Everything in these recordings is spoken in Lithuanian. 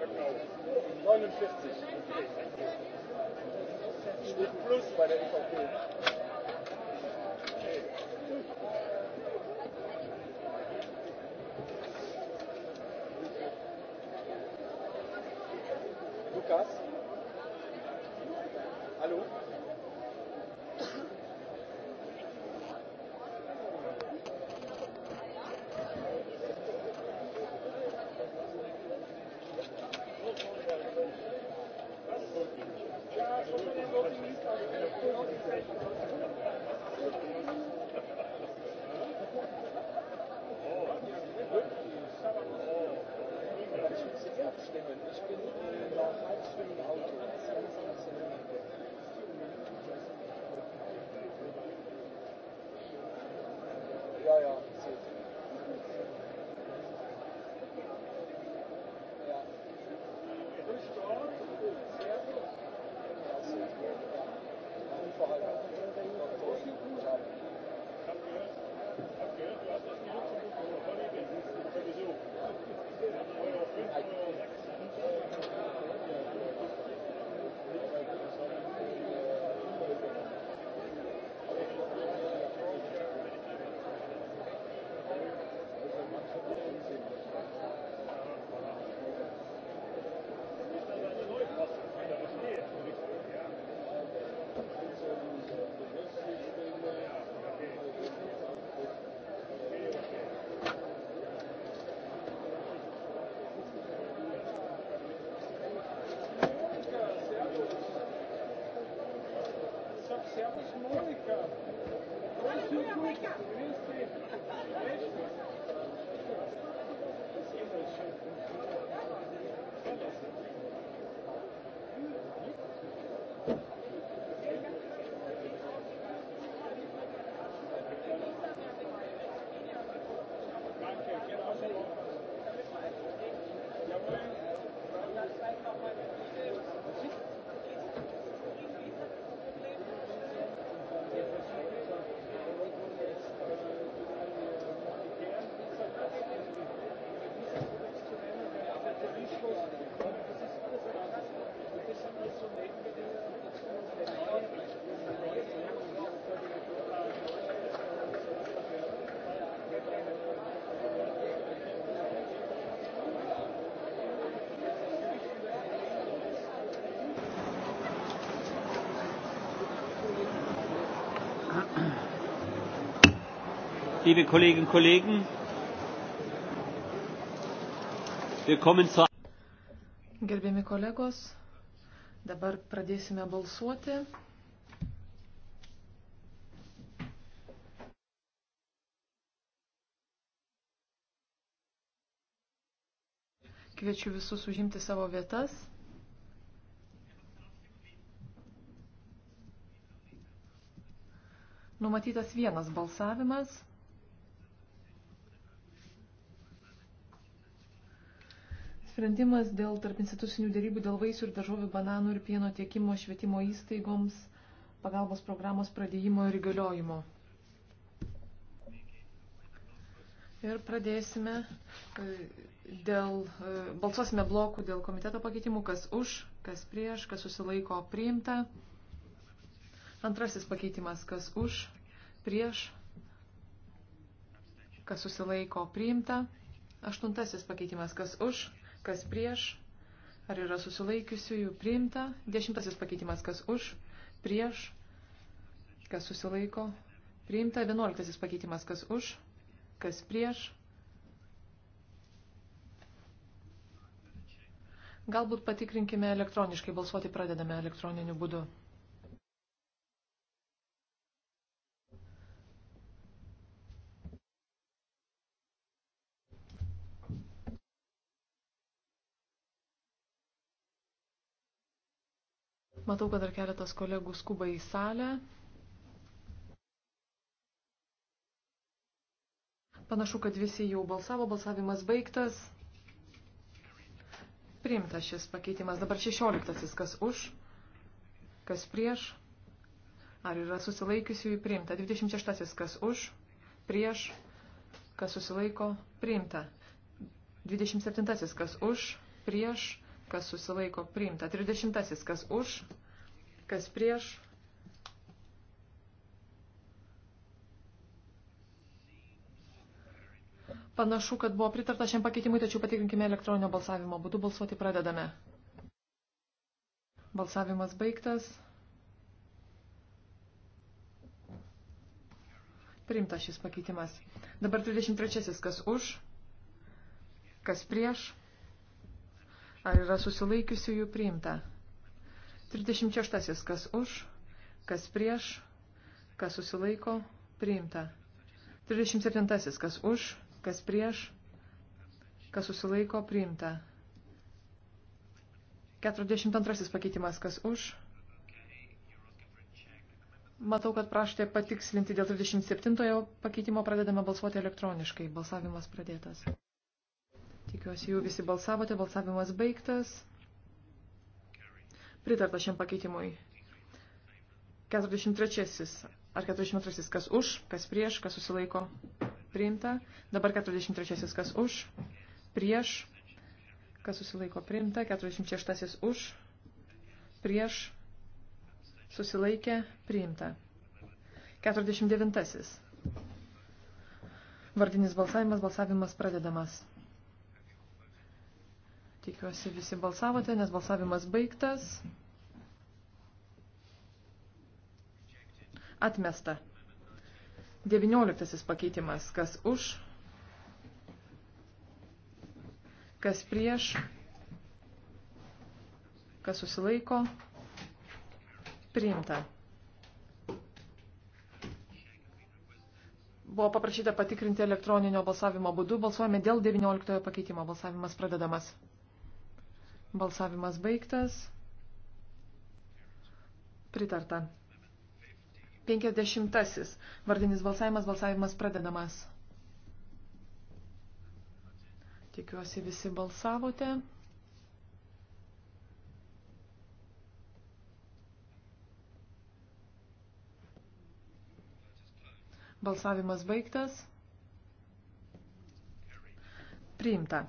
verkauft. 49. Steht Plus bei der EVP. Okay. Lukas? Hallo? liebe Kolleginnen und Kollegen, wir kommen zur. Gerbiami kolegos, dabar pradėsime balsuoti. Kviečiu visus užimti savo vietas. Numatytas vienas balsavimas. Sprendimas dėl tarp institucinių dėrybų dėl vaisių ir daržovių bananų ir pieno tiekimo švietimo įstaigoms pagalbos programos pradėjimo ir įgaliojimo. Ir pradėsime e, dėl, e, balsuosime blokų dėl komiteto pakeitimų, kas už, kas prieš, kas susilaiko priimta. Antrasis pakeitimas, kas už, prieš, kas susilaiko priimta. Aštuntasis pakeitimas, kas už, kas prieš, ar yra susilaikiusiųjų priimta. Dešimtasis pakeitimas, kas už, prieš, kas susilaiko, priimta. Vienuoliktasis pakeitimas, kas už, kas prieš. Galbūt patikrinkime elektroniškai, balsuoti pradedame elektroniniu būdu. Matau, kad dar keletas kolegų skuba į salę. Panašu, kad visi jau balsavo, balsavimas baigtas. Priimtas šis pakeitimas. Dabar 16. Kas už, kas prieš. Ar yra susilaikiusiųjų priimta? 26. Kas už, prieš, kas susilaiko, priimta. 27. Kas už, prieš, kas susilaiko, priimta. 30. Kas už, kas prieš. Panašu, kad buvo pritarta šiam pakeitimui, tačiau patikrinkime elektroninio balsavimo būdu. Balsuoti pradedame. Balsavimas baigtas. Priimta šis pakeitimas. Dabar 23. Kas už? Kas prieš? Ar yra susilaikiusių jų priimta? 36. Kas už, kas prieš, kas susilaiko, priimta. 37. Kas už, kas prieš, kas susilaiko, priimta. 42. pakeitimas. Kas už? Matau, kad prašote patikslinti dėl 37 pakeitimo pradedame balsuoti elektroniškai. Balsavimas pradėtas. Tikiuosi, jau visi balsavote, balsavimas baigtas. Pritarta šiam pakeitimui. 43 ar 42 kas už, kas prieš, kas susilaiko priimta. Dabar 43 kas už, prieš, kas susilaiko priimta. 46 už, prieš, susilaikė priimta. 49. Vardinis balsavimas, balsavimas pradedamas. Tikiuosi visi balsavote, nes balsavimas baigtas. Atmesta. 19 pakeitimas. Kas už? Kas prieš? Kas susilaiko? Priimta. buvo paprašyta patikrinti elektroninio balsavimo būdu. Balsuojame dėl 19 pakeitimo. Balsavimas pradedamas. Balsavimas baigtas. Pritarta. 50. Vardinis balsavimas, balsavimas pradedamas. Tikiuosi visi balsavote. Balsavimas baigtas. Priimta.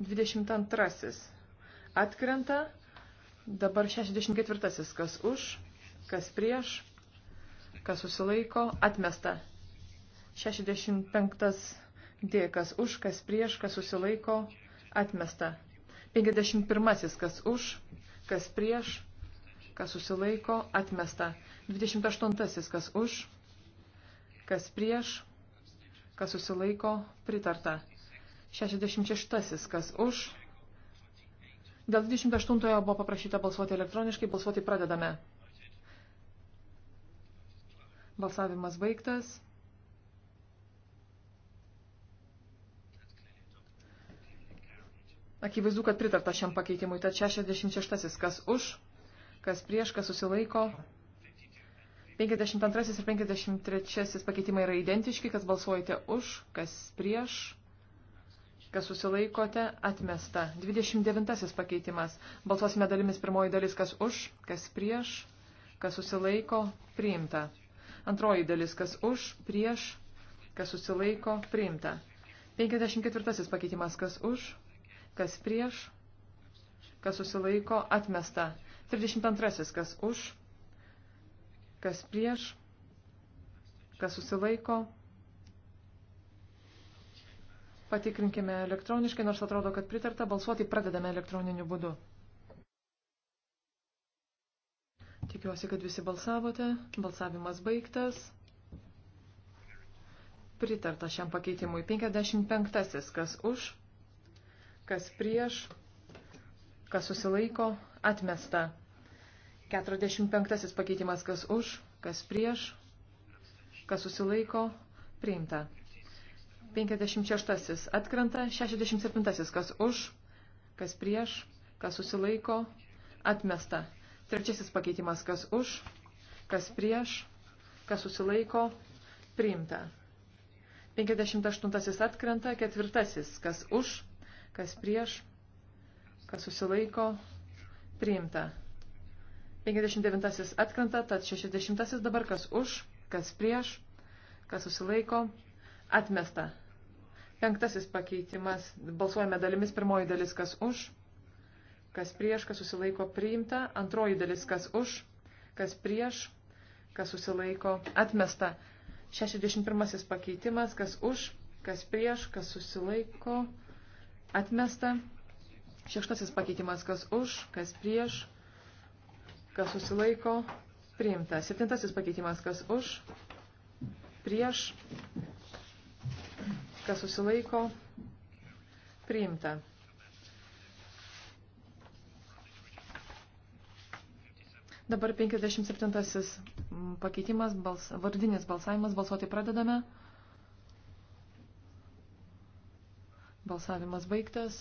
22 atkrenta. Dabar 64. Kas už, kas prieš, kas susilaiko, atmesta. 65. D. Kas už, kas prieš, kas susilaiko, atmesta. 51. Kas už, kas prieš, kas susilaiko, atmesta. 28. Kas už, kas prieš, kas susilaiko, pritarta. 66. Kas už, Dėl 28-ojo buvo paprašyta balsuoti elektroniškai, balsuoti pradedame. Balsavimas baigtas. Akivaizdu, kad pritarta šiam pakeitimui, tad 66 kas už, kas prieš, kas susilaiko. 52 ir 53 pakeitimai yra identiški, kas balsuojate už, kas prieš kas susilaikote, atmesta. 29 pakeitimas. Balsuosime dalimis pirmoji dalis, kas už, kas prieš, kas susilaiko, priimta. Antroji dalis, kas už, prieš, kas susilaiko, priimta. 54 pakeitimas, kas už, kas prieš, kas susilaiko, atmesta. 32 kas už, kas prieš, kas susilaiko, priimta Patikrinkime elektroniškai, nors atrodo, kad pritarta. Balsuoti pradedame elektroniniu būdu. Tikiuosi, kad visi balsavote. Balsavimas baigtas. Pritarta šiam pakeitimui 55. Kas už, kas prieš, kas susilaiko, atmesta. 45. pakeitimas kas už, kas prieš, kas susilaiko, priimta. 56 atkrenta, 67 kas už, kas prieš, kas susilaiko, atmesta. Trečiasis pakeitimas kas už, kas prieš, kas susilaiko, priimta. 58 atkrenta, ketvirtasis kas už, kas prieš, kas susilaiko, priimta. 59 atkrenta, tad 60 dabar kas už, kas prieš, kas susilaiko, atmesta. Penktasis pakeitimas. Balsuojame dalimis. Pirmoji dalis, kas už, kas prieš, kas susilaiko priimta. Antroji dalis, kas už, kas prieš, kas susilaiko atmesta. 61 pakeitimas, kas už, kas prieš, kas susilaiko atmesta. Šeštasis pakeitimas, kas už, kas prieš, kas susilaiko priimta. Septintasis pakeitimas, kas už, prieš, kas susilaiko, priimta. 57. Dabar 57 pakeitimas, bals, vardinis balsavimas, balsuoti pradedame. Balsavimas baigtas.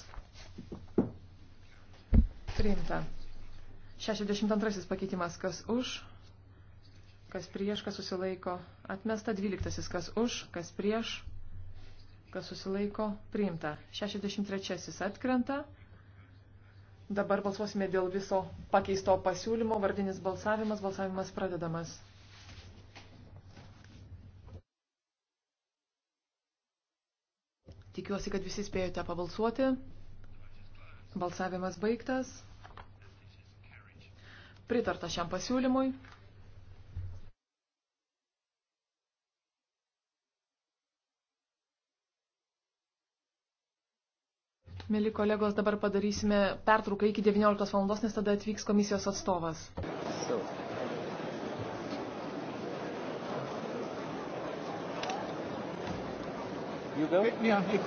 Priimta. 62 pakeitimas, kas už, kas prieš, kas susilaiko. Atmesta 12, kas už, kas prieš, kas susilaiko, priimta. 63 atkrenta. Dabar balsuosime dėl viso pakeisto pasiūlymo. Vardinis balsavimas. Balsavimas pradedamas. Tikiuosi, kad visi spėjote pabalsuoti. Balsavimas baigtas. Pritarta šiam pasiūlymui. Mėly kolegos, dabar padarysime pertrauką iki 19 val. nes tada atvyks komisijos atstovas. So. You go? Yeah.